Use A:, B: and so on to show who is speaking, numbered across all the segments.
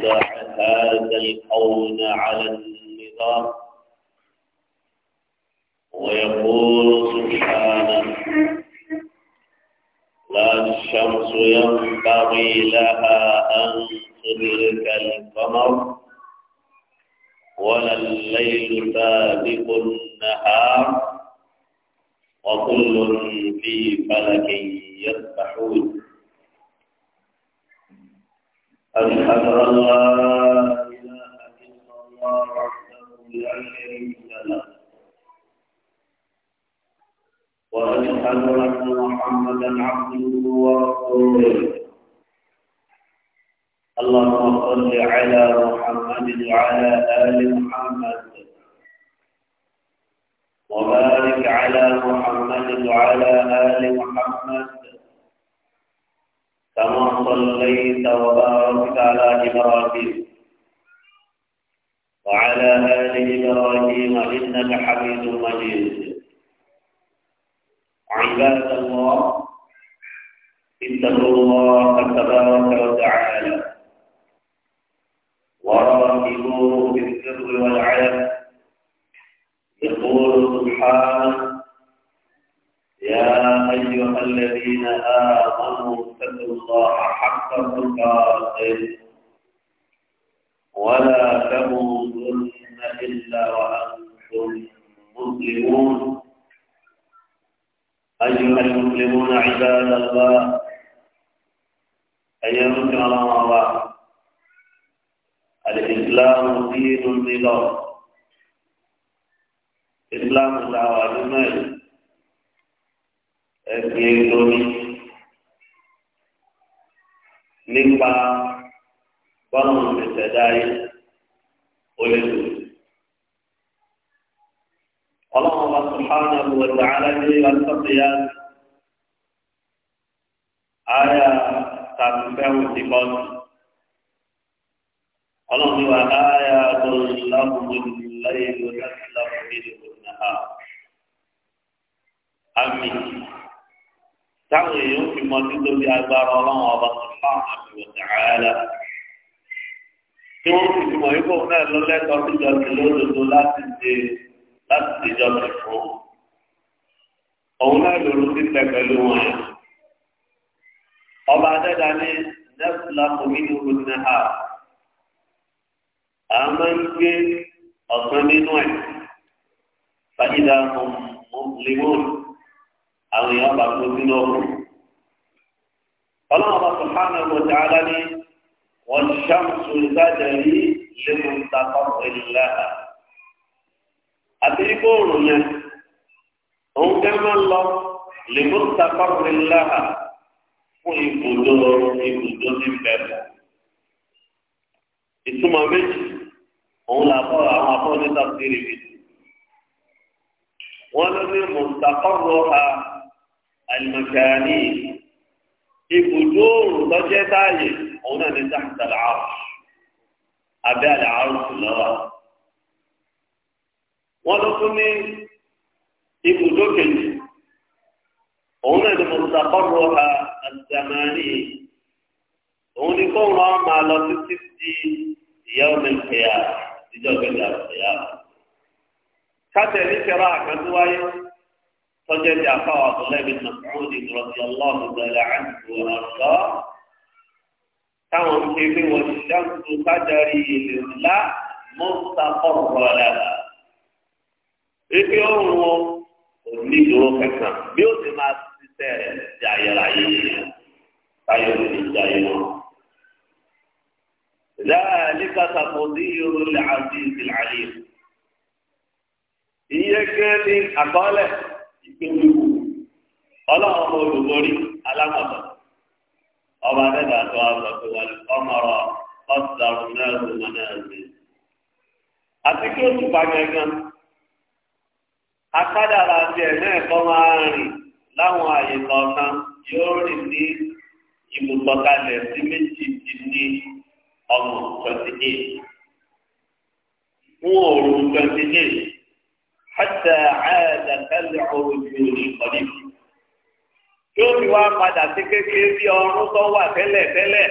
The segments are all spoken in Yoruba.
A: أوجع هذا الكون على النظام ويقول سبحانه لا الشمس ينبغي لها أن تدرك القمر ولا الليل سابق النهار وكل في فلك يسبحون أشهد أن لا إله إلا الله وحده وأشهد أن محمدا عبده ورسوله اللهم صل على محمد وعلى آل محمد وبارك على محمد وعلى آل محمد كما صليت وباركت على إبراهيم وعلى آل إبراهيم إنك حميد مجيد عباد الله اتقوا الله تبارك وتعالى وراقبوه بالسر والعلم يقول سبحانه يا أيها الذين آمنوا الله حق تقاته ولا تموتن إلا وأنتم مسلمون أيها المسلمون عباد الله أيام الله الإسلام دين النظام إسلام دعوة المال ẹgbẹ́ nípa bọ́ọ̀mù ìṣẹ̀dá yìí ó lè lò. ọlọ́run wa subhanahu wa ta'ala ní asọ́síyá àyà tàbífẹ́hùn ti bọ́ sí. ọlọ́run wa àyà tó lábùbù lẹ́yìn lọ́dún lábùbù nínú náà táwọn èèyàn fi mọ títóbi agbára ọlọ́run ọba sọ́kàn àti wọ̀tàrà tí wọ́n fi jùmọ̀ yìí fóun náà lọ́lẹ́tọ̀ọ́ síjọ sí lódodo láti ṣe láti ṣèjọ sí fún òun náà lòlù sí pẹ pẹ̀lú wọn yẹn. ọba adẹ́dá ní nẹ́fúlà kòmínú gbòdìní ha a máa ń gbé ọ̀sán nínú ẹ̀ fàyídà mọ̀ọ́lẹ́mọ́ọ̀lù àwọn èèyàn bá tó sínú ọkùn. ọlọ́run bá subhanahu wa ta'ala ní wọ́n ṣàmùsùn ìdájọ́ yìí lẹ́nu takọ́ pẹ̀lú lára. àti ikú òòrùn yẹn òun kẹ́ máa ń lọ lẹ́nu takọ́ pẹ̀lú lára fún ibùdó ibùdó ní bẹ̀rẹ̀. ìtumọ̀ méjì òun làbọ̀ àwọn abọ́ nígbà tí wọ́n ló ní mùsàkọ́rọ̀ ha alimakaani ibùdó òòrùn lọ́jẹ́ táàyè òun náà ní sáàtà làárù abẹ́ àlẹ́ àárù lọ́wọ́ wọ́n ló tún ní ibùdó kejì òun náà ní mọ̀tàkọ́rọ̀ ha àdàmánì òun ní kó wọn máa lọ títí di ìyá ọmọ ìpẹ́yà ìjọba ìjọba ìpẹ́yà. kátẹ́ ní kẹrọ àkàndúwáyé. فجد عفا عبد الله بن مسعود رضي الله تعالى عنه وارضاه كان كيف والشمس تجري لله مستقر لها ife ọrùn wọn kò ní ìdúró kankan bí ó ti máa ṣiṣẹ́ rẹ̀ ti ayérayé táyọ̀ ní ìjà yìí wọn. ذلك تقدير العزيز العليم. ìyẹn kẹ́ ni àkọọ́lẹ̀. ìgbéwìwò ọlọ́run ọmọ olùborí alámọ̀tọ̀ ọba adẹ́gbà tó ọlọ́ tó wà ọmọrọ ọ̀sàrùn náà ló mọ náà àti kí o akádàrà máa rìn láwọn àyè hàtà àyàdà kálí ọrùn ìlú ìkọ̀lì. tí ó fi wá padà sí kékeré bí ọrùn tó wà tẹ́lẹ̀ tẹ́lẹ̀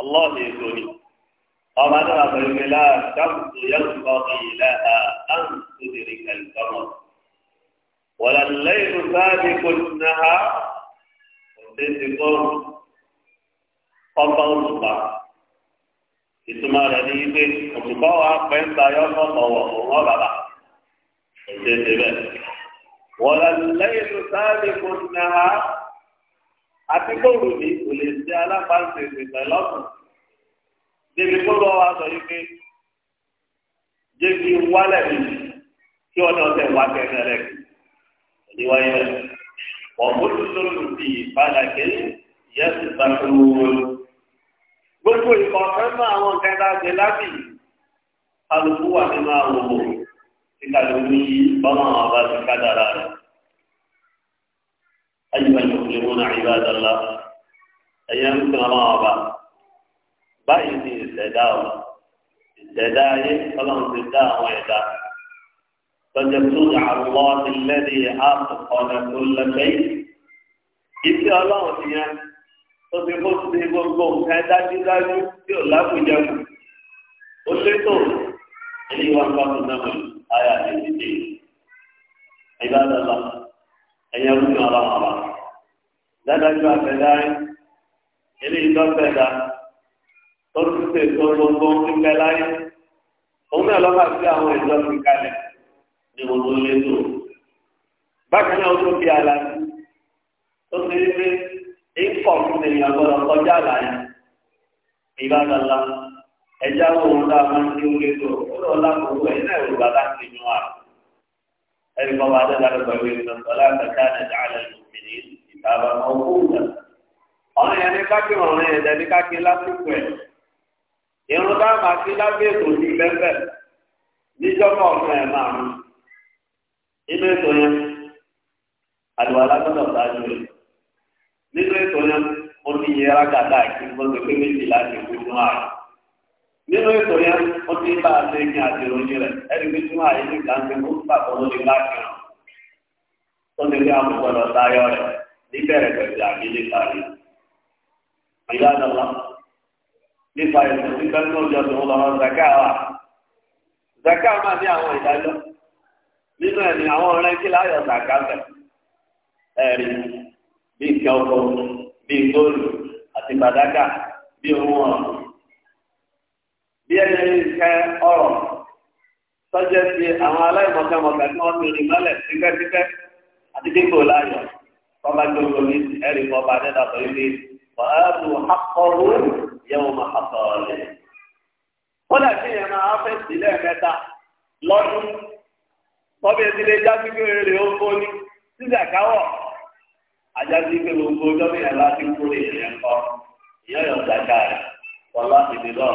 A: ọlọ́ọ̀dẹ èso ni. ọba náà pẹ̀lú mi láà dáhùn yàtúkọ̀ ìlà àdáhùn tó dèrè kàlùkọ́mọ̀. wàlà lẹ́yìn sáàbì kò nà á kò dé ti kọ́ ọba òṣùpá ìtumọ̀ rẹ̀ ní ibi òṣùpá wa pẹ́ ń tayọ́ mọ́tọ̀ wọ̀ wọ́n bàbá ẹsẹ ẹsẹ bẹ́ẹ̀ wọn lọ lẹ́yìn tó sáré kó nà á àti kóòrò mi kò lè ṣe alábàáṣe ìṣẹ̀lẹ̀ lọsùn débi kó lọ wá sọ yìí pé jẹbi wálẹ̀ mi kí ọdún ọ̀sẹ̀ wá kẹrin rẹ kì ìwà yẹn wọn bó tó tó lù sí ìpadà kéde yẹsùn sàkóso gbogbo ìkọ̀ọ̀fẹ́ mọ́ àwọn kẹta ṣe lábì alùpùpù wà nínú àwọn òmùgọ̀ kíkà ló ní bọ́mọ̀ ọba ti ká dára rẹ̀. ayíwá ni òkúlé wọn náà ìbá dọ́là ẹ̀yẹ ń tún ọmọ ọba báyìí ni ìṣẹ̀dá ọ ìṣẹ̀dá ayé ọlọ́run ti dá àwọn ẹ̀dá lọ́jọ́ tó ní àwọ̀ ti lẹ́ni àkọ́kọ́ tó lẹ́gbẹ́ ìṣe ọlọ́run ti yẹn tó fi kó ti gbogbo nǹkan dájúdájú tí ò lábùjá ó létò èyí wọn bá tún náà mọ̀ ayà tètè dé ìbádọ́lá ẹ̀yẹ ń yọ ọlọ́run ọba dádájú àfẹ́dárí ilé ìdọ́fẹ́dá tó ti ṣe tó gbogbo ń bẹ láyé òun náà lọ́ka sí àwọn ìjọ fi kalẹ̀ ní gbogbo ilé tó bákan náà ó tó fi àlá tó ti rí pé ń kọ̀ fún èèyàn gbọ́dọ̀ kọjá àlàyé ìbádọ́lá. ẹja wo wọn tá a máa na ní orí tó ẹ náà yorùbá wa ẹni kọ́ máa lọ́gbà wí ní ìtàbà ọ̀nà yẹn ní kákí kákí lásìkò ẹ̀ irun bá máa fi lábẹ́ ètò ní bẹ́ẹ̀ níjọ́pọ̀ ọ̀fẹ́ ẹ̀ máa mú inú ètò yẹn àlùwà lágbọ́dọ̀ sáájú rẹ̀ nínú ètò yẹn mo ti yẹra kàdá nínú ètò yẹn ó ti ń bá a ṣe ní àtìròyìn rẹ̀ ẹni bí túmọ̀ àyè ní kàńtì ó ń pàtó lórí láàkìrà ó ti rí àwọn gbọdọ̀ tayọ rẹ̀ níbẹ̀rẹ̀ pẹ̀lú àgbélé kárí. àyà dọ̀lá nípa ẹ̀sùn tí bẹ́ẹ̀ tó jọ tó lọ́wọ́ zaka wa zaka máa ní àwọn ìdájọ́ nínú ẹ̀ àwọn ọ̀rẹ́ kí láyọ̀ zaka bẹ̀ ẹ̀rí bí nǹkan bí góòlù àti gbàdákà bí ohun ọ̀rọ̀ bí ẹni kẹ ọ̀rọ̀ tọjẹ ti àwọn aláìmọkàmọkà tí wọn ti rìn mọ́lẹ̀ tipẹ́tipẹ́ àti dípò láàyò kọba tó lórí ẹrí kọba dẹdà tó ilé wàhálù akọrù yẹwò máa kọtọ rẹ. wọn dàbí yẹn máa fẹ́ sílẹ̀ mẹ́ta lọ́dún tọ́bí ẹtí lè já ó ń kúrò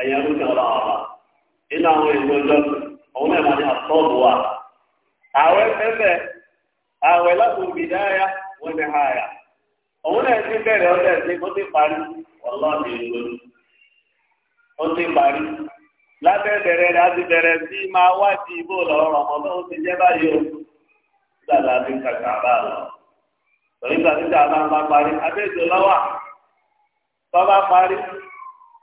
A: ẹ̀yẹ ń tẹ ọ̀la ọ̀la nínú àwọn èso ọjọ́ òun náà máa ní àtọ́ọ̀bù wa. ààwẹ̀ fẹ́fẹ́ ààwẹ̀ láti òbí dáyà wọ́n ti háyà òun náà ti bẹ̀rẹ̀ ọ̀dẹ̀ sí ó ti parí ọlọ́ọ̀dì ìlú ó ti parí lábẹ́ bẹ̀rẹ̀ rẹ̀ á ti bẹ̀rẹ̀ sí máa wá sí ibò lọ́rọ̀ ọmọdé ti jẹ́ báyìí o gbàgbà ti kàkà bá lọ torí gbàgbà ti dàgbà máa parí abẹ́jọ lọ́wà tọ́ bá parí.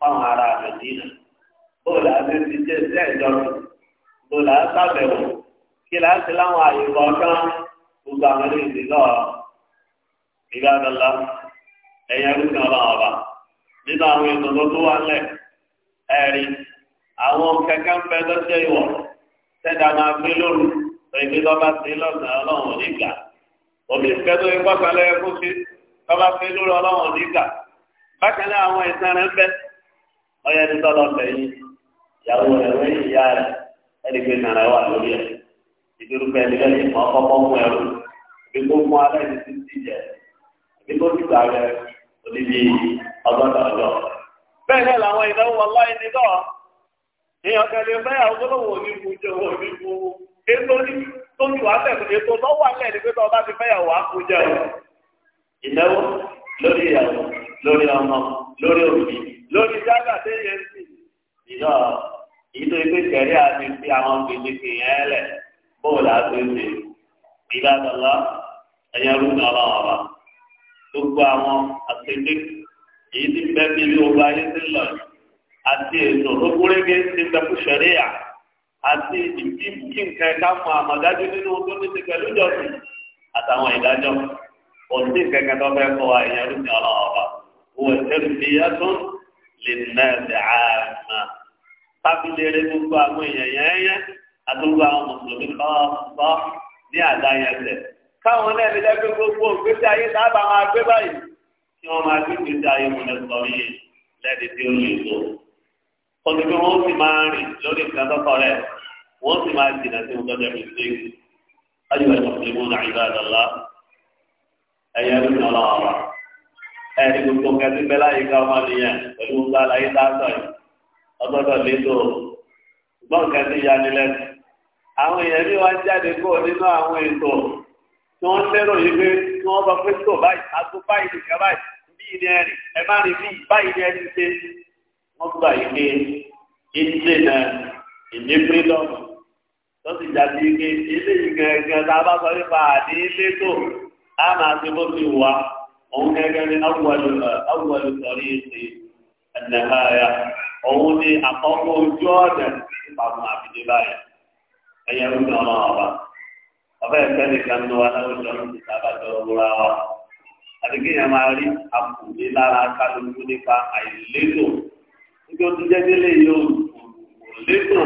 A: fáwọn ará àbẹ̀dínà bóòlù àti ti jẹ́ ìṣẹ́ ìjọba bóòlù àti sábẹ̀wò kí láti láwọn àyè kọ̀ọ̀kan gbogbo àwọn ilé ìdè náà ìgbà dọ́là ẹ̀yẹ rúkìn ọlọ́run ọba nínú àwọn ètò tó tó wà lẹ̀ ẹ̀rí àwọn kẹ̀kẹ́ ń bẹ lọ́jọ́ ìwọ̀ sẹ́dá máa gbé lóru ìgbé lọ́ba sí lọ́sàn-án ọlọ́run nígbà òbí ìfẹ́ tó yẹ pọ́sálẹ́ ẹkú sí lọ́ba sí lóru ọlọ́run nígbà bákan náà àwọn ìsan rẹ̀ ń bẹ́ẹ̀. Onye ẹni tọ́lọ fẹ̀yìn ìyàwó rẹ̀ wọ́n ìyá rẹ̀ ẹni pé nàrà wà lórí ẹ̀ ìdúrúfẹ́ ẹni lẹ́yìn ìmọ̀ ọkọ̀ mú ẹrú àbí kó mú alẹ́ ní ti ti jẹ àbí kó ti gbà rẹ̀ oníbi ọgọ́ta ọjọ́. bẹ́ẹ̀ náà làwọn ní ọ̀kẹ́lẹ́ jẹ́ owó ètò tó ètò lọ́wọ́ alẹ́ ní pé ti lórí òbí lórí dábà tẹ́lẹ̀ ń sìn ìyá ìtò ìpè kẹrí àti fi àwọn gbèdéke yẹn lẹ̀ bóòlù àgbèsè ìlànà ẹ̀yẹ rúnà ọlọ́wọ́ba gbogbo àwọn àgbèdé èyí ti bẹ́ bí ilé ogun ayé ti lọ àti ètò tó kúrégé ti bẹ fún sẹ̀ríyà àti ìdí kí nǹkan ká mọ àmọ̀dájú nínú tó ní ti pẹ̀lú ìjọsìn àtàwọn ìdájọ́ òsì kẹ̀kẹ́ tó fẹ́ kọ́ ẹ̀yẹ rúnà ọlọ́wọ́ba wọ tẹsíyàtún lè nà ẹsẹ àmà tábìlẹrẹ gbogbo àwọn èèyàn yẹn yẹn àtúgbò àwọn mùsùlùmí kọ́ọ̀kọ́ ní àdáyẹsẹ káwọn náà lè dẹ́gbẹ́ gbogbo ògbésí ayé sábà máa gbé báyìí kí wọ́n máa gbé gbèsè ayé wọn lọ yìí lẹ́ni tí ó lè lò kọ́ni pé wọ́n sì máa rìn lórí ìdánilọ́kọ̀ rẹ̀ wọ́n sì máa jìnnà sí ọjọ́ ìrìn sí ayé ìwà ìmọ̀sílẹ̀ mọ́nà ìbáraẹ̀lá ẹ̀yẹ ẹ̀rọ ìrìn ọlọ́wọ́ wa ẹni gbogbo kẹsí bẹ láyé ká ọmọ nìyẹn pẹ̀lú nǹkan àlàyé dáńtọ yìí ọgbọdọ lédò gbọ́n kẹsí yanilẹ́sì àwọn èèyàn bí wọ́n jáde kó nínú àwọn ètò tí wọ́n lérò yìí pé tí wọ́n bá pé tó báyìí àgbo báyìí nìkan báyìí bíi ní ẹrì ẹ má rí bíi báyìí ní ẹni ṣe wọ́n gbà yìí pé ilé náà ìní fírídọ́mù tó sì jáde yìí pé ilé yìí gẹ̀ẹ́gẹ́ tá a bá sọ nípa àdé ilé tó á máa ṣe bó ti wà òun gẹ́gẹ́ ní awùwàlù sọ̀rí ìṣe ẹ̀nẹ̀háyà òun ní àkọ́kọ́ ojú ọ̀dẹ ìpamọ́ àbídé báyìí ẹ̀yẹ ń gbọ́n ọmọ ọba ọbẹ̀ ìfẹ́lẹ̀ kan ní wọn láwọn ìjọ ń ti sábàjọ wúra wa àti kí yẹn máa rí àkùnlé lára kálukú nípa àìlétò níbi ó ti jẹ́ délé yóò létò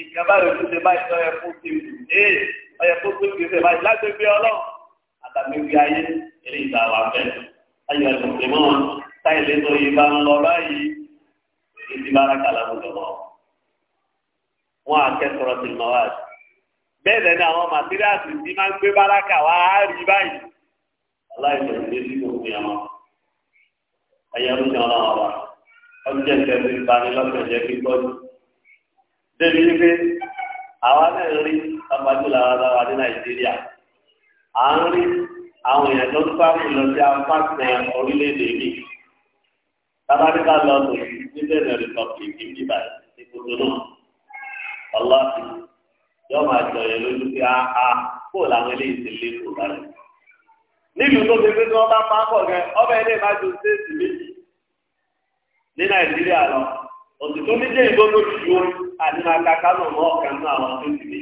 A: ìjọba rẹ̀ tó ṣe báyìí lọ́yẹ̀ fún ti ilé ìta wà bẹ́ẹ̀ ayọ̀ ẹ̀sùn mọ́ táìlì tó yìí bá ń lọ báyìí ìdí bára kàlà gbọdọ̀ mọ́ wọn akẹ́kọ̀ọ́ ti mọ́ wá sí bẹ́ẹ̀ lẹ́nu àwọn màtíríàsì tí máa ń gbé bára kà wá á rí báyìí aláìsàn ìdílé sí kò fún yàrá ayé ọdún yàrá wọn wà ọdún jẹ́ ìfẹ́ sí ìbanilọ́sẹ̀ jẹ́ kí gbọ́dọ̀ débi wípé àwa náà ará wa ní nàìjíríà à ń rí àwọn èèyàn tó ń sáàmù lọ sí apá kan orílẹ̀-èdè mi tábàdíkà lọ sí nílẹ̀ republic nígbà ìkòtò náà ọlọ́ọ̀tì yóò máa a ah, kó ah, làwọn eléyìí ti lé kó nílùú tó ti tí wọ́n bá pa pọ̀ ọbẹ̀ ilé ìbájú lọ àti mọ́ ọ̀kan náà àwọn méjì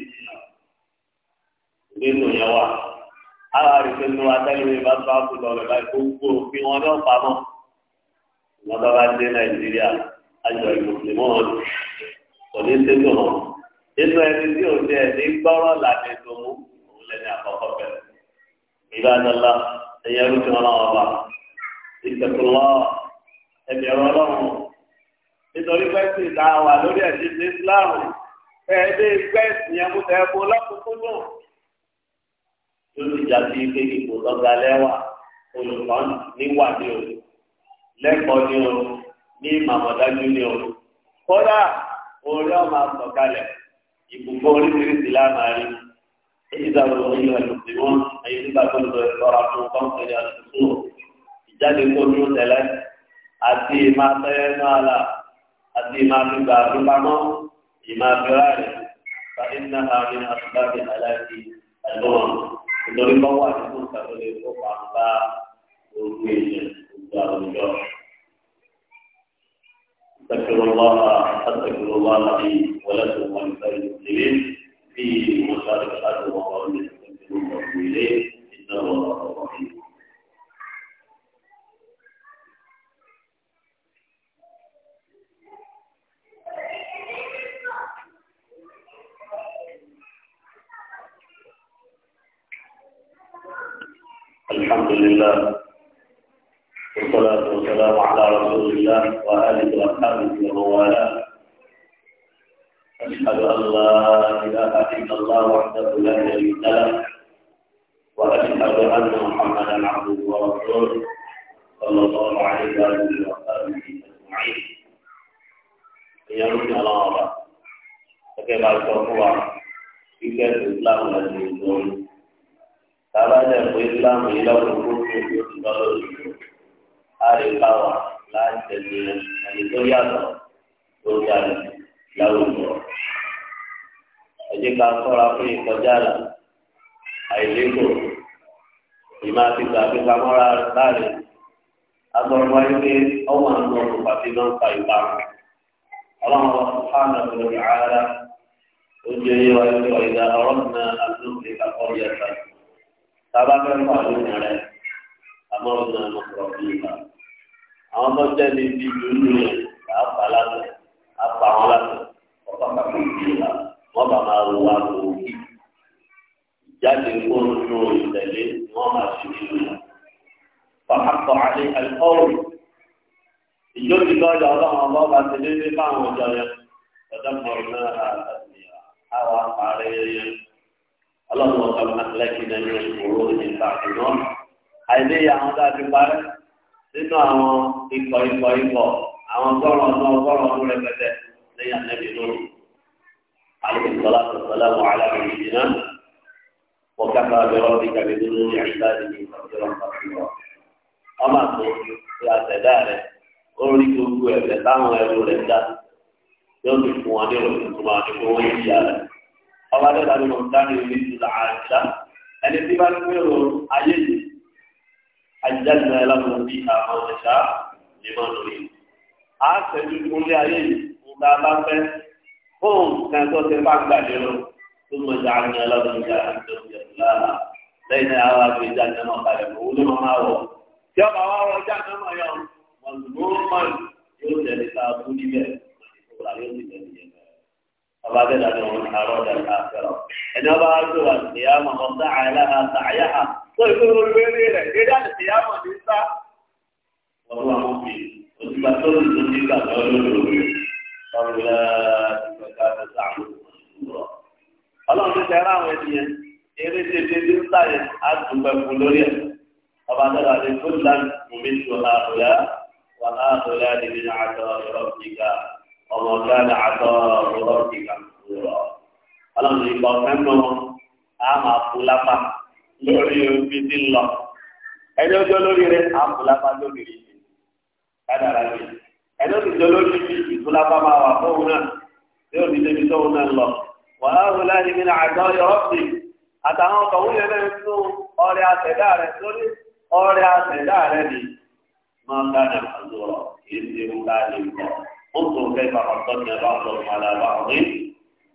A: àwọn àrùsẹ̀ ló atẹ́lẹ̀ bá tó àkùtọ̀ rẹ̀ báyìí gbogbo òfin wọn náà pamọ́ wọn bá bá dé nàìjíríà àjọ ìmùsùlùmí wọn kò ní sẹ́tò hàn nínú ẹni tí ò jẹ́ ní gbọ́rọ̀ làdé tó mú òun lẹ́ni àkọ́kọ́ bẹ̀rẹ̀ ìbádọ́lá ẹ̀yẹ rúfin ọlọ́wọ́ bá ìtẹ̀kùnlọ́ ẹ̀mí ọ̀rọ̀ ọlọ́run nítorí pẹ́sì ìta wà lórí ẹ̀sìn Islam ẹ̀ẹ́dẹ́ pẹ́sì yẹn mú tẹ́ kó lọ́kùnkún yóò ti já sí pé ipò tọ́ga lẹ́wà olùkọ́ níwà ni o lẹ́kọ̀ọ́ ni o ní màmọ́dájú ni o kódà orí ọmọ àtọ̀kalẹ̀ ìbùkún oríṣiríṣi lámàárí èyí dàrú oyin àlùfẹ́ wọn èyí nígbà tó ń lọ ìtọ́ra fún kọ́ńtẹ̀lì àtúntò ìjáde tó ní tẹ̀lẹ́ àti ìmá tẹ́lẹ̀ náà là àti ìmá fi gbà àdúgbàmọ́ ìmá fi ráàlì fa iná àmì àtúbàbí aláìsí àlùmọ́ nítorí bá wà nínú ìtàlódé tó bá ń bá gbogbo èèyàn gbogbo àwùjọ. استغفر الله استغفر الله لي ولكم ولسائر المسلمين في مشاركة الأرض وقوله استغفروه وأتوبوا إليه إنه غفور رحيم الحمد لله والصلاة والسلام على رسول الله وآله وأصحابه ومن والاه أشهد أن لا إله إلا الله وحده لا شريك له وأشهد أن محمدا عبده ورسوله صلى الله عليه وآله وصحبه أجمعين يرد الله فكيف أشكر الله في كيف الإسلام الذي bàbá dẹ̀ pé islámù yìí lọ́kùnrin tó kú tó ti lọ lórí ìlú àrí káwà láti tẹ̀lé ẹni tó yàtọ̀ tó jáde láwùjọ. ẹ jẹ́ ká sọ́ra fún ìkọjá là àìlékò ìmọ̀ àti gbàgbé pamọ́ra láàrin agbọ̀rọ̀ wáyé pé ọmọ àwọn ọmọ pàtí náà fa ìparun ọlọ́run ọ̀hánà tó rẹ̀ ara ó jẹ́ yíwáyé pé ọ̀yẹ̀dà ọ̀rọ̀ náà àti lóògbé kakọ́ yẹ sáyé sábà fẹ́ fà lónìí rẹ̀ àmọ́ ọ̀nà ọ̀pọ̀ bíi ìgbà. àwọn tó jẹ́ ní ti dúdú rẹ̀ kà á fà lásán á fà wọn lásán ọ̀pá kàkó bíi ìgbà wọ́n bá máa wo àpò òkè. ìjáde kóró tó ìtẹ̀lé ni wọ́n máa ṣe nínú rẹ̀. fàákọ̀ àlẹ́ àlùkọ́rù ìjó ti lọ ọjà ọlọ́run ọba ọba ti ní fáwọn ọjọ́ yẹn ọjọ́ mọ̀ọ́rùn náà àtàlẹ́ àwọn àpárẹ̀ yẹn اللهم وكم أهلكنا من القرون من بعد نوح àìléyà àwọn tá a ti parẹ́ nínú àwọn ikọ̀ ikọ̀ ikọ̀ àwọn ọgọ́rùn ọdún ọgọ́rùn ọdún rẹpẹtẹ lẹ́yìn ànábì lóru alẹ́ ìsọlá sọ̀tọ̀lá wọn aláàbò ìdìnnà wọ́n bí kàbí nínú ní àyíká ìdí ìfọ̀jọ́rọ̀ ọmọ àti ìṣe àtẹ̀dá rẹ̀ ó gbogbo ẹ̀fẹ̀ táwọn ẹrú rẹ̀ dá yóò fi fún wọn ọba tó dàbí lọ dání ìlú ìlú àṣà ẹni tí bá ń gbèrò ayé yìí àjẹjẹ ẹlẹ́mọ̀ bí àwọn ọ̀ṣà lè mọ̀ lórí. a ṣẹ́jú kúnlẹ̀ ayé yìí nígbà bá fẹ́ fóun kan tó ti bá gbàdé lọ tó mọ̀ jà ní ẹlẹ́mọ̀ bí àwọn ọ̀ṣà lára lẹ́yìn náà àwọn àgbẹ̀ ìjà ní ọmọ balẹ̀ mọ̀ wúlò máa wọ̀. tí ọba wa wọ ìjà ní ọmọ yọ mọ̀lúmọ́ yóò tẹ̀lé ta fún níbẹ̀ mọ̀lúmọ́ yóò tẹ̀lé ọba bẹ́ẹ̀ dàbí wọn àárọ̀ dàbí àfẹ́rọ̀ ẹni ọba wa gbé wa ìyáàmọ̀ ọ̀sá àìláha sàáyáha tó ìlú olùgbé ní rẹ̀ dédé àti ìyáàmọ̀ ní sá. ọ̀rọ̀ àwọn òbí òtùgbà tó ń tó ní gbàgbọ́ lórí ọ̀rọ̀ ọlọ́run ti tẹ̀ra àwọn ènìyàn eré tètè ní sáyẹn àtúnbẹ̀kù lórí ẹ̀ ọba dàbí àti fúlàn mọ̀mí tó àrùlá wà á àrùlá nìyí àjọ ọ̀rọ̀ ìgbà ọmọ ọ̀gáàdà àtọ́ ọ̀rọ̀ ti kà lọ. ọlọ́run ìgbà ọ̀fẹ́ nù á máa fún lápá lórí omi tí ń lọ. ẹni ọjọ́ lórí rẹ̀ á fún lápá lórí rẹ̀ kádàrá rẹ̀. ẹni ọjọ́ lórí rẹ̀ ìfúlápá máa wà fóun náà tí ó ní débi tóun náà lọ. wàá wọlé ẹni mi náà àjọ yọ̀ọ́sì àtàwọn ọkọ̀ wúyẹ̀ náà tún ọrẹ àtẹ̀dá rẹ̀ sórí ọrẹ àtẹ̀dá rẹ̀ ni máa ń dáná àzọ̀rọ̀ kì í ṣe ń انظر كيف فضلنا بعضهم على بعض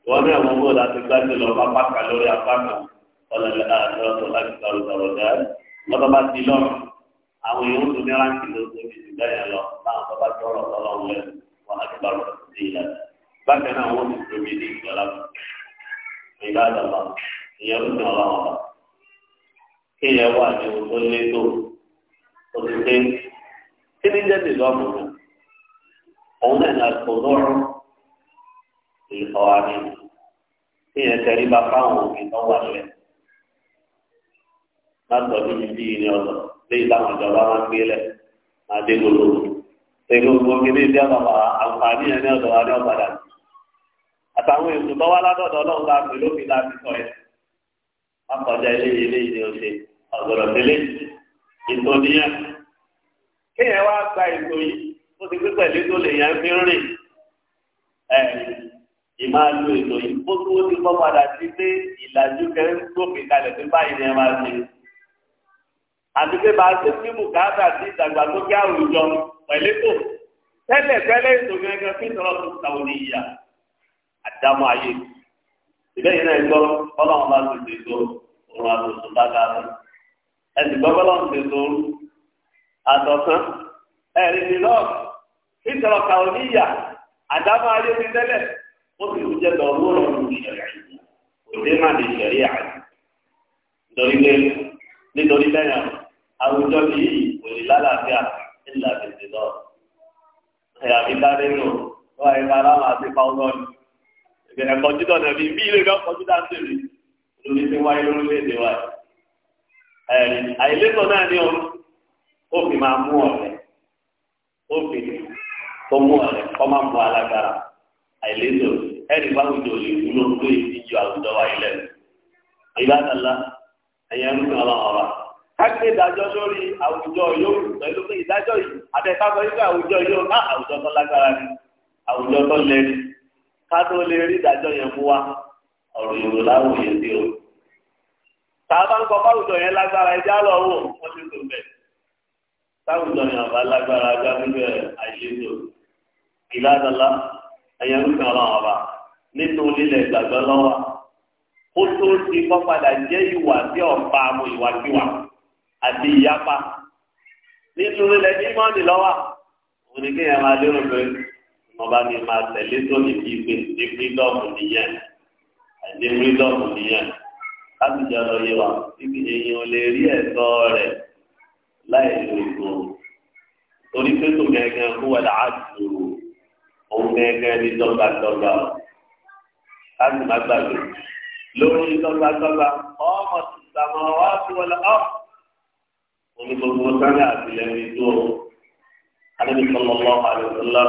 A: وما وجود أتباعي لو بقى كالوري أبقى وللآخرة أكثر درجات وضبط لهم àwọn èèyàn tó ní ráńkì ló tó fi ti bẹ́ẹ̀ lọ láwọn tó bá tí ọ̀rọ̀ ọlọ́run lẹ̀ wọn á ti bá rọ̀ sí ilẹ̀. bákan náà wọ́n ti tóbi ní ìjọba ìgbà àdàbà ìyẹn ló ti ọlọ́run ọba. kí wà ní ohun tó lé dé kí ní jẹ́ tèlú ọmọ òun náà ní àtúndọ̀rọ̀ ìfọwárí ìyẹn tẹ̀lé bá fáwọn òfin tó wà lẹ̀ látọ̀ níbi bí ní ọ̀dọ̀ léyìí táwọn ìjọba máa ń gbé lẹ̀ adé gbogbo tẹ̀lé gbogbo kìíní ìdí àbàbà àǹfààní yẹn ní ọ̀dọ̀ wa ní ọ̀padà àtàwọn èso tó wá látọ̀dọ̀ ọlọ́run tá a pè lófin láti sọ yẹn wọn kọjá ó ti pípẹ́ létò lè yàn fi rìn ẹ̀ ìmáa lo ètò yìí ó tún ó ti kọ́ padà sí pé ìlàjú kẹ́ ń gòkè kalẹ̀ pé báyìí ni ẹ máa ṣe àti pé bá a ṣe sí bùkátà sí ìdàgbàsókè àwùjọ pẹ̀lẹ́tò tẹ́lẹ̀ tẹ́lẹ̀ ètò gẹ́gẹ́ fi sọ̀rọ̀ tó ta òní ìyá àdámọ́ ayé ìbẹ́ yìí náà gbọ́ bọ́lọ́mọ bá ti ṣètò òun àtòsùn bá dáa lọ ẹ̀sìn gbọ́ bọ́lọ́mọ ti ṣètò àtọ̀sán ẹ̀rìn ìtọ̀rọ̀ kàwọ́níyà àdámọ́ ayé ti tẹ́lẹ̀ ó sì ń jẹ́ lọ́wọ́ ọ̀rọ̀ ìṣẹ̀lẹ̀ òde má lè ṣẹ̀rí àjù nítorí pé nítorí lẹ́yìn àwùjọ yìí kò lè lálàáfíà ńlá tètè lọ. ẹ̀yà mi dáre nù ó wáyé bá aláwọ̀ àti pàwọ́n ní ẹ̀kọ́ títọ̀ náà bí bí ilé ìgbàkọ̀ títà ń tèmi lórí ti wáyé lórílẹ̀-èdè wa. àìlétọ̀ náà ni ó fi máa mú ọ̀rẹ́ ó fi ní. kó mú ọ̀rẹ́ kó má bu alágbára àìlédò ẹ̀rí báwùjọ lè wúlò tó èyí ju àwùjọ wa ilẹ̀. ìbádàlá ẹ̀yẹ ń rúkìn ọlọ́run ọba. ìdájọ́ àwùjọ yóò pẹ̀lú pé ìdájọ́ yìí yìí àwùjọ yóò ká ah, àwùjọ tó lágbára ni àwùjọ tó ká tó lè rí ìdájọ́ yẹn mú wa ọ̀rọ̀ láwùjọ sí o. ń kọ báwùjọ yẹn lágbára ẹjẹ́ àlọ́ wò wọ́n ti tó bẹ̀. yẹn ìlàdàlà ẹ̀yẹrúfẹ́ ọlọ́run ọba nínú lílẹ̀ ìgbàgbọ́ lọ́wọ́ ó tó ti kọ́ padà jẹ́ ìwà tí ọ̀pá àmọ́ ìwàkiwà àti ìyapa nínú lílẹ̀ mímọ́ni lọ́wọ́ òun ni kéèyàn máa lérò pé ọba mi máa tẹ̀lé tó ní kí pé ní nìyẹn àti nìyẹn láti jẹ́ lọ yé wa títí èèyàn lè rí ẹ̀tọ́ rẹ̀ láì lo ìgbòho torí pé tó gẹ́gẹ́ kó wà láàdúró òun gẹ́gẹ́ ní dọ́gbadọ́gba o láti má gbàgbé lórí dọ́gbadọ́gba ọmọ tìtàmọ́ wá sí wọlé ọ́ omi gbogbo sáré àtìlẹ́yìn tó o alẹ́bí sọlọ́lọ́ àlùfọ́lá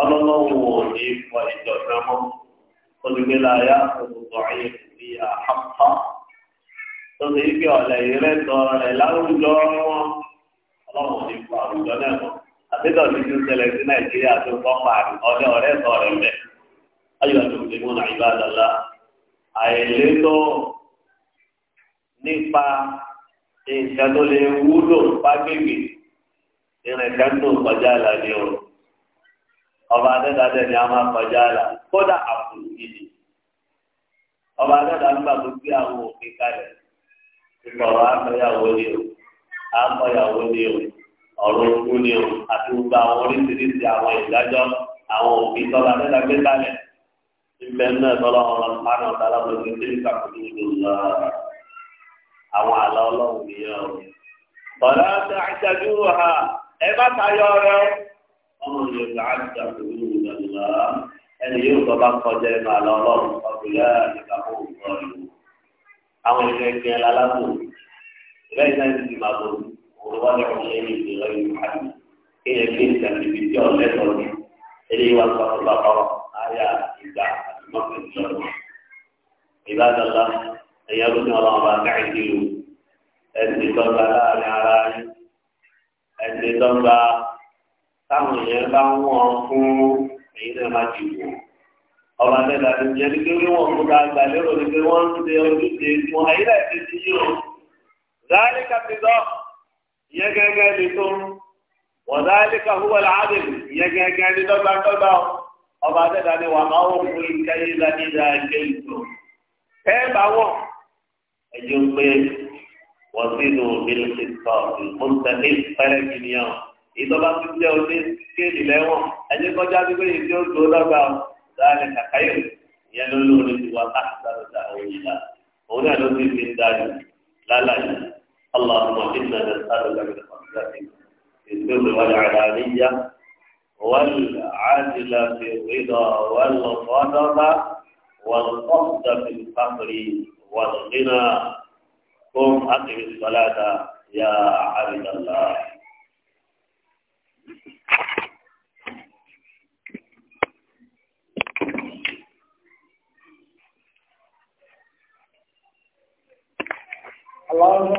A: ọlọ́lọ́wọ́ ní ìfọ̀ ìjọba mọ́ olùgbélé ayé àkókò ayé ní àhàpá tó ṣe ike ọ̀lẹ́ ìrẹ́tọ̀ rẹ̀ láwùjọ wọn ọlọ́wọ́ ní ìfọ̀ àwùjọ náà àtẹ́tọ̀ ti ti ṣẹlẹ̀ sí nàìjíríà tó ń kọ́pa ọ̀dẹ ọ̀rẹ́ sọ rẹ̀ mẹ́. ayọ̀ tó ti mú àìlétò nípa nǹkan tó lè wúlò fágbègbè tó kọjá là ní o ọba adẹ́dàdẹ́ ni a máa kọjá là kódà àbùkù yìí ọba nígbà tó gbé àwọn òfin kalẹ̀ àkọyàwó ni o àkọyàwó ni o. ọ̀rọ̀ ikú ni o àti gbogbo àwọn oríṣiríṣi àwọn ìdájọ́ àwọn òfin tọ́lá nígbà gbé kalẹ̀ ìbẹ̀ náà tọ́lá ọ̀rọ̀ sánà ọ̀tàlá ló ti dé nípa kò ní lọ àwọn àlọ́ ọlọ́run nìyẹn o. bọ̀dá ṣe àṣàjú ha ẹ bá tayọ rẹ ọmọ yóò gbà àṣà kò ní lọ ẹni yóò tọ́ bá kọjá ẹnu àlọ́ ọlọ́run ọ̀gbìnlẹ̀ nípa kò ní lọ àwọn ìrẹsì ẹ̀ lálásù ìrẹsì náà ti di màgbọ́n ووضع شيء بغير محل هي جنسا بمليون لتر إلي وصف البقرة آية إذا المسجد ayah عباد الله أن يبني الله ما تعدل Allah تضرب لا نعلم أن تضرب táwọn èèyàn bá wọ́n fún èyí náà má ti wò ọba tẹ́lẹ̀ àti ìjẹ́ ní pé wọ́n fún ká gbà lérò ní pé wọ́n ń ṣe ojúṣe fún ayé láti ti yí o. Zálí ìyẹn gẹ́gẹ́ ni tó ń wọ̀dà ẹ̀ka húwẹ̀ làádìí ìyẹn gẹ́gẹ́ ni dọ́gbàdọ́gbà ọba àtẹ́dá ni wà máa wọ̀ fún ìkẹyìn lánìlá ìkẹyìn tó. ẹ bá wọ̀ ẹ̀jẹ̀ ń pé wọ́n sì nù mílíọ̀nù tọ̀ ìmúntẹ̀lẹ́ pẹ́rẹ́ kìnìyàn ìjọba ti jẹ́ oní kéèlì kọjá sí pé ìdí oṣù lọ́gbà dáàlẹ̀ kàkáyọ̀ ìyẹn ló lóore ti wà láti dáadáa òun òun náà ló ti fi ń dájú lálàyé. اللهم إنا نسألك من فضلك البر والعلانية والعدل في الرضا والغضب والقصد في الفقر والغنى قم أقم الصلاة يا عبد الله اللهم